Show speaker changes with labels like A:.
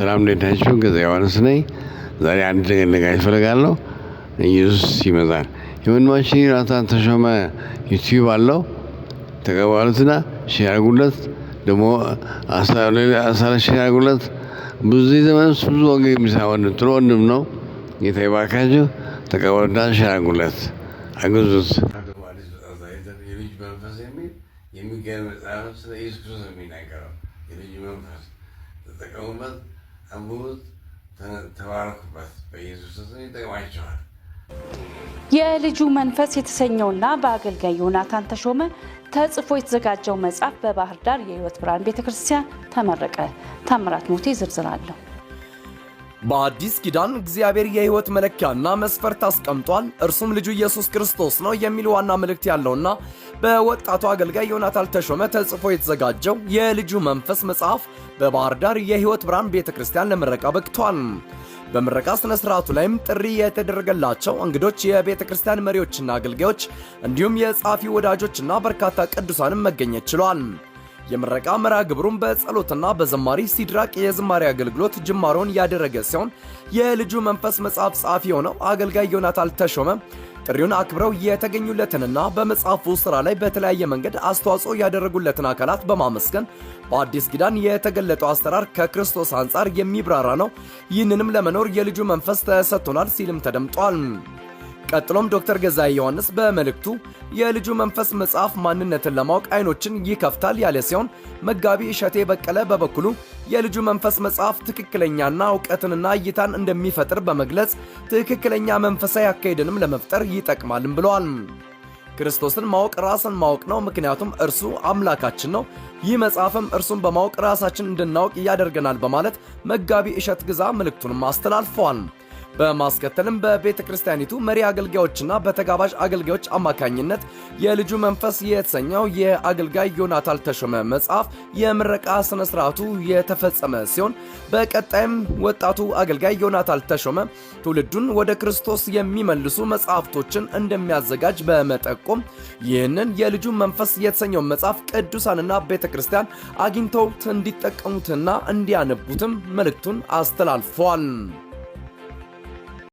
A: ሰላም እንዴታችሁ ገዛ ዮሐንስ ነኝ። ዛሬ አንድ ነገር ልነግራችሁ እፈልጋለሁ። ኢየሱስ ይመጣል። የወንድማችን ዮናታን ተሾመ ዩቲዩብ አለው። ተቀበሉትና ሼር አድርጉለት። ደግሞ አሳረ ሼር አድርጉለት። ብዙ ዘመን ብዙ ወገ የሚሰራ ወንድም ጥሩ ወንድም ነው። ጌታ ይባርካችሁ። ተቀበሉትና ሼር አድርጉለት፣ አግዙት። የልጅ መንፈስ የሚል የሚገርም መጽሐፍ ስለ ኢየሱስ ክርስቶስ የሚናገረው የልጅ መንፈስ
B: ተጠቀሙበት። ብዙ ተባረኩበት። በኢየሱስ ይጠቅማቸዋል። የልጁ መንፈስ የተሰኘውና በአገልጋይ ዮናታን ተሾመ ተጽፎ የተዘጋጀው መጽሐፍ በባህር ዳር የህይወት ብርሃን ቤተ ክርስቲያን ተመረቀ። ታምራት ሞቴ ዝርዝር አለው።
C: በአዲስ ኪዳን እግዚአብሔር የህይወት መለኪያና መስፈርት አስቀምጧል። እርሱም ልጁ ኢየሱስ ክርስቶስ ነው የሚል ዋና መልእክት ያለውና በወጣቱ አገልጋይ ዮናታን ተሾመ ተጽፎ የተዘጋጀው የልጁ መንፈስ መጽሐፍ በባህር ዳር የህይወት ብርሃን ቤተ ክርስቲያን ለምረቃ በቅቷል። በምረቃ ስነ ስርዓቱ ላይም ጥሪ የተደረገላቸው እንግዶች የቤተ ክርስቲያን መሪዎችና አገልጋዮች እንዲሁም የጸሐፊ ወዳጆችና በርካታ ቅዱሳንም መገኘት ችሏል። የምረቃ መርሃ ግብሩን በጸሎትና በዘማሪ ሲድራቅ የዝማሬ አገልግሎት ጅማሮን ያደረገ ሲሆን የልጁ መንፈስ መጽሐፍ ጸሐፊ የሆነው አገልጋይ ዮናታን ተሾመ ጥሪውን አክብረው የተገኙለትንና በመጽሐፉ ሥራ ላይ በተለያየ መንገድ አስተዋጽኦ ያደረጉለትን አካላት በማመስገን በአዲስ ኪዳን የተገለጠው አሰራር ከክርስቶስ አንጻር የሚብራራ ነው፣ ይህንንም ለመኖር የልጁ መንፈስ ተሰጥቶናል ሲልም ተደምጧል። ቀጥሎም ዶክተር ገዛኢ ዮሐንስ በመልእክቱ የልጁ መንፈስ መጽሐፍ ማንነትን ለማወቅ አይኖችን ይከፍታል ያለ ሲሆን መጋቢ እሸቴ በቀለ በበኩሉ የልጁ መንፈስ መጽሐፍ ትክክለኛና እውቀትንና እይታን እንደሚፈጥር በመግለጽ ትክክለኛ መንፈሳዊ አካሄድንም ለመፍጠር ይጠቅማልም ብለዋል። ክርስቶስን ማወቅ ራስን ማወቅ ነው፣ ምክንያቱም እርሱ አምላካችን ነው። ይህ መጽሐፍም እርሱን በማወቅ ራሳችን እንድናውቅ ያደርገናል በማለት መጋቢ እሸት ግዛ መልእክቱንም አስተላልፈዋል። በማስከተልም በቤተ ክርስቲያኒቱ መሪ አገልጋዮችና በተጋባዥ አገልጋዮች አማካኝነት የልጁ መንፈስ የተሰኘው የአገልጋይ ዮናታን ተሾመ መጽሐፍ የምረቃ ስነ ስርዓቱ የተፈጸመ ሲሆን በቀጣይም ወጣቱ አገልጋይ ዮናታን ተሾመ ትውልዱን ወደ ክርስቶስ የሚመልሱ መጽሐፍቶችን እንደሚያዘጋጅ በመጠቆም ይህንን የልጁ መንፈስ የተሰኘው መጽሐፍ ቅዱሳንና ቤተ ክርስቲያን አግኝተውት እንዲጠቀሙትና እንዲያነቡትም መልእክቱን አስተላልፏል።